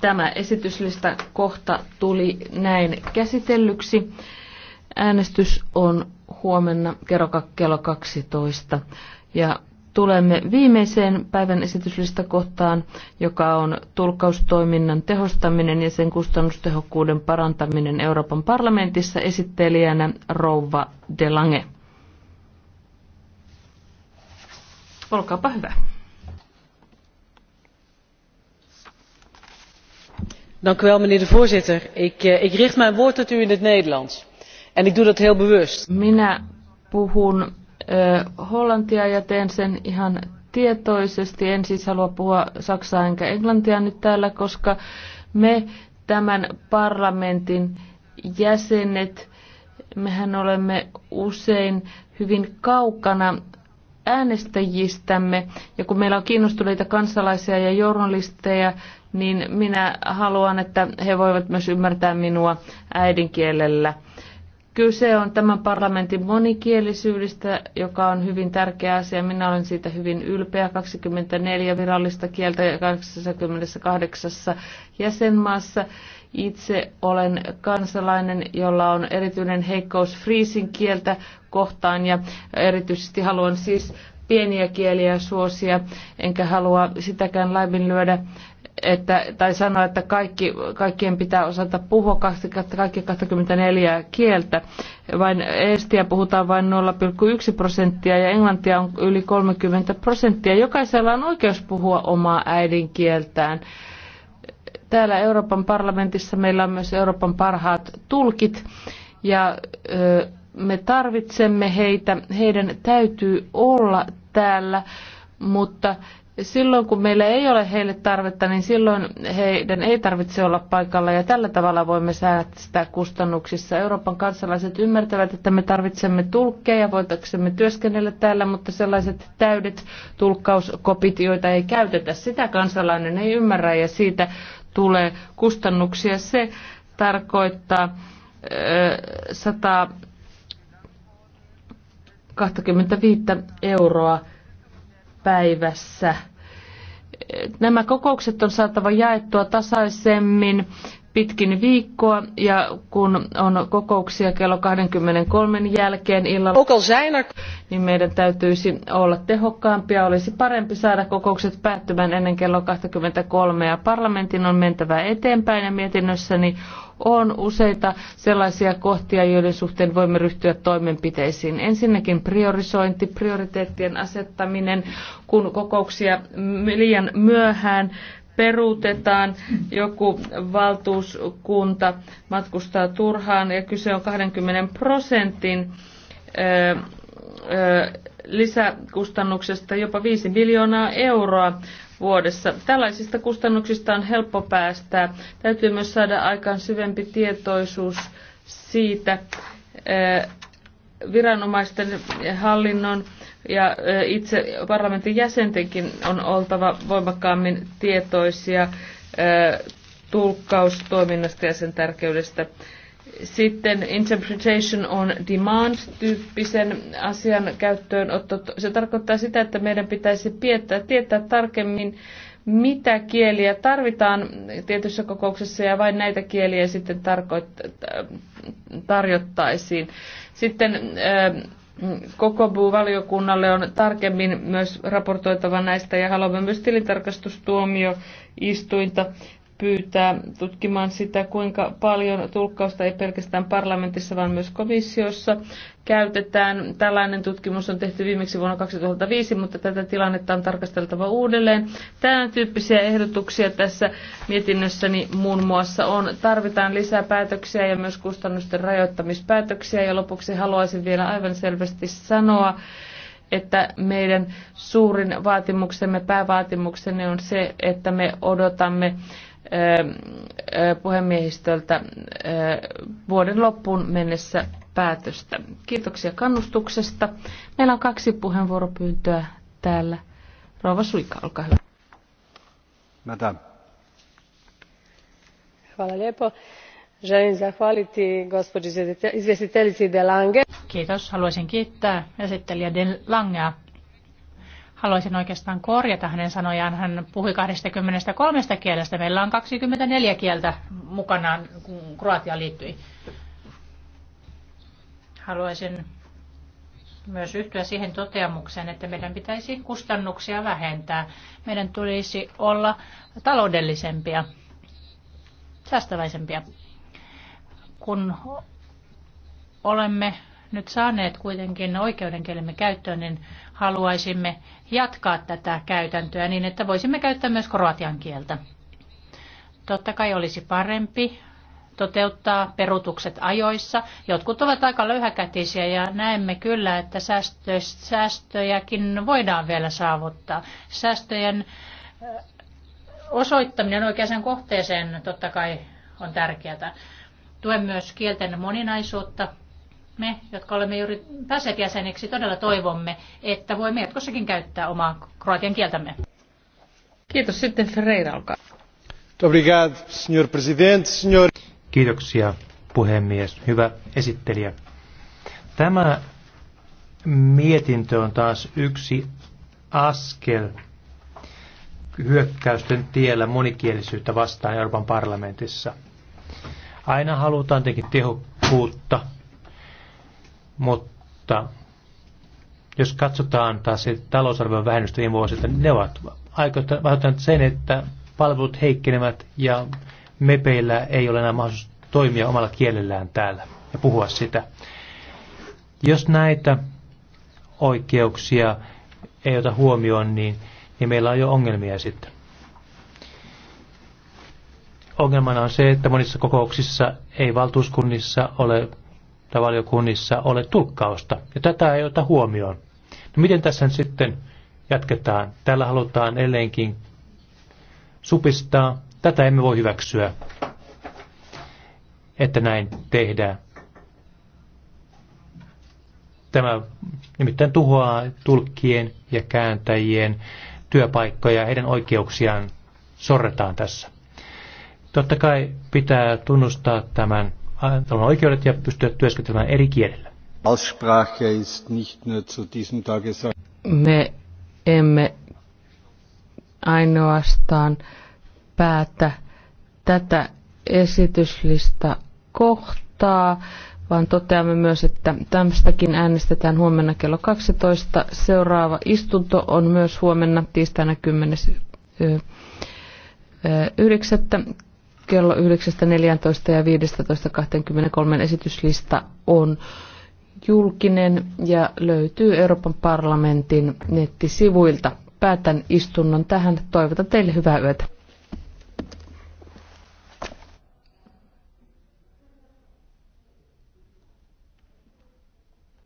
Tämä esityslista kohta tuli näin käsitellyksi. Äänestys on huomenna kello 12. Ja tulemme viimeiseen päivän kohtaan, joka on tulkkaustoiminnan tehostaminen ja sen kustannustehokkuuden parantaminen Euroopan parlamentissa esittelijänä Rouva Delange. Olkaapa hyvä. voorzitter eh, ik richt mijn woord tot u in het nederlands en ik doe dat heel bewust. minä puhun eh, hollantia ja teen sen ihan tietoisesti. En siis halua puhua saksaa enkä englantia nyt täällä, koska me tämän parlamentin jäsenet, mehän olemme usein hyvin kaukana äänestäjistämme. Ja kun meillä on kiinnostuneita kansalaisia ja journalisteja, niin minä haluan, että he voivat myös ymmärtää minua äidinkielellä. Kyse on tämän parlamentin monikielisyydestä, joka on hyvin tärkeä asia. Minä olen siitä hyvin ylpeä. 24 virallista kieltä ja 88 jäsenmaassa. Itse olen kansalainen, jolla on erityinen heikkous friisin kieltä kohtaan ja erityisesti haluan siis pieniä kieliä suosia, enkä halua sitäkään laiminlyödä että, tai sanoa, että kaikki, kaikkien pitää osata puhua kaikki 24 kieltä. Vain estiä puhutaan vain 0,1 prosenttia ja englantia on yli 30 prosenttia. Jokaisella on oikeus puhua omaa äidinkieltään. Täällä Euroopan parlamentissa meillä on myös Euroopan parhaat tulkit ja ö, me tarvitsemme heitä. Heidän täytyy olla täällä, mutta silloin kun meillä ei ole heille tarvetta, niin silloin heidän ei tarvitse olla paikalla ja tällä tavalla voimme säästää kustannuksissa. Euroopan kansalaiset ymmärtävät, että me tarvitsemme tulkkeja, voitaksemme työskennellä täällä, mutta sellaiset täydet tulkkauskopit, joita ei käytetä, sitä kansalainen ei ymmärrä ja siitä tulee kustannuksia. Se tarkoittaa 125 euroa päivässä. Nämä kokoukset on saatava jaettua tasaisemmin pitkin viikkoa ja kun on kokouksia kello 23 jälkeen illalla, er- niin meidän täytyisi olla tehokkaampia. Olisi parempi saada kokoukset päättymään ennen kello 23 ja parlamentin on mentävä eteenpäin ja mietinnössäni on useita sellaisia kohtia, joiden suhteen voimme ryhtyä toimenpiteisiin. Ensinnäkin priorisointi, prioriteettien asettaminen, kun kokouksia liian myöhään peruutetaan, joku valtuuskunta matkustaa turhaan ja kyse on 20 prosentin lisäkustannuksesta jopa 5 miljoonaa euroa vuodessa. Tällaisista kustannuksista on helppo päästää. Täytyy myös saada aikaan syvempi tietoisuus siitä eh, viranomaisten hallinnon ja eh, itse parlamentin jäsentenkin on oltava voimakkaammin tietoisia eh, tulkkaustoiminnasta ja sen tärkeydestä. Sitten interpretation on demand-tyyppisen asian käyttöönotto. Se tarkoittaa sitä, että meidän pitäisi piettää tietää tarkemmin, mitä kieliä tarvitaan tietyssä kokouksessa ja vain näitä kieliä sitten tarjottaisiin. Sitten ähm, koko valiokunnalle on tarkemmin myös raportoitava näistä ja haluamme myös tilintarkastustuomioistuinta pyytää tutkimaan sitä, kuinka paljon tulkkausta ei pelkästään parlamentissa, vaan myös komissiossa käytetään. Tällainen tutkimus on tehty viimeksi vuonna 2005, mutta tätä tilannetta on tarkasteltava uudelleen. Tämän tyyppisiä ehdotuksia tässä mietinnössäni muun muassa on. Tarvitaan lisää päätöksiä ja myös kustannusten rajoittamispäätöksiä. Ja lopuksi haluaisin vielä aivan selvästi sanoa, että meidän suurin vaatimuksemme, päävaatimuksemme on se, että me odotamme puhemiehistöltä vuoden loppuun mennessä päätöstä. Kiitoksia kannustuksesta. Meillä on kaksi puheenvuoropyyntöä täällä. Rouva Suika, olkaa hyvä. Mätä. Hvala lepo. Želim zahvaliti gospođi izvjestiteljici De Lange. Kiitos. Haluaisin kiittää esittelijä De Langea Haluaisin oikeastaan korjata hänen sanojaan. Hän puhui 23 kielestä. Meillä on 24 kieltä mukanaan, kun Kroatia liittyi. Haluaisin myös yhtyä siihen toteamukseen, että meidän pitäisi kustannuksia vähentää. Meidän tulisi olla taloudellisempia, säästäväisempiä. Kun olemme nyt saaneet kuitenkin oikeudenkielemme käyttöön, niin haluaisimme jatkaa tätä käytäntöä niin, että voisimme käyttää myös kroatian kieltä. Totta kai olisi parempi toteuttaa perutukset ajoissa. Jotkut ovat aika löyhäkätisiä ja näemme kyllä, että säästöjäkin voidaan vielä saavuttaa. Säästöjen osoittaminen oikeaan kohteeseen totta kai on tärkeää. Tuen myös kielten moninaisuutta me, jotka olemme juuri päässeet jäseniksi, todella toivomme, että voimme jatkossakin käyttää omaa kroatian kieltämme. Kiitos. Sitten Ferreira, olkaa. Kiitoksia, puhemies. Hyvä esittelijä. Tämä mietintö on taas yksi askel hyökkäysten tiellä monikielisyyttä vastaan Euroopan parlamentissa. Aina halutaan tietenkin tehokkuutta mutta jos katsotaan taas talousarvion vähennystä viime vuosilta, niin ne ovat aiheuttaneet sen, että palvelut heikkenevät ja mepeillä ei ole enää mahdollisuus toimia omalla kielellään täällä ja puhua sitä. Jos näitä oikeuksia ei ota huomioon, niin, niin meillä on jo ongelmia sitten. Ongelmana on se, että monissa kokouksissa ei valtuuskunnissa ole valiokunnissa ole tulkkausta, ja tätä ei ota huomioon. No miten tässä nyt sitten jatketaan? Tällä halutaan edelleenkin supistaa. Tätä emme voi hyväksyä, että näin tehdään. Tämä nimittäin tuhoaa tulkkien ja kääntäjien työpaikkoja ja heidän oikeuksiaan sorretaan tässä. Totta kai pitää tunnustaa tämän antamaan oikeudet ja pystyä työskentelemään eri kielellä. Me emme ainoastaan päätä tätä esityslista kohtaa, vaan toteamme myös, että tämmöistäkin äänestetään huomenna kello 12. Seuraava istunto on myös huomenna tiistaina 10.9 kello 9.14 ja 15.23 esityslista on julkinen ja löytyy Euroopan parlamentin nettisivuilta. Päätän istunnon tähän. Toivotan teille hyvää yötä.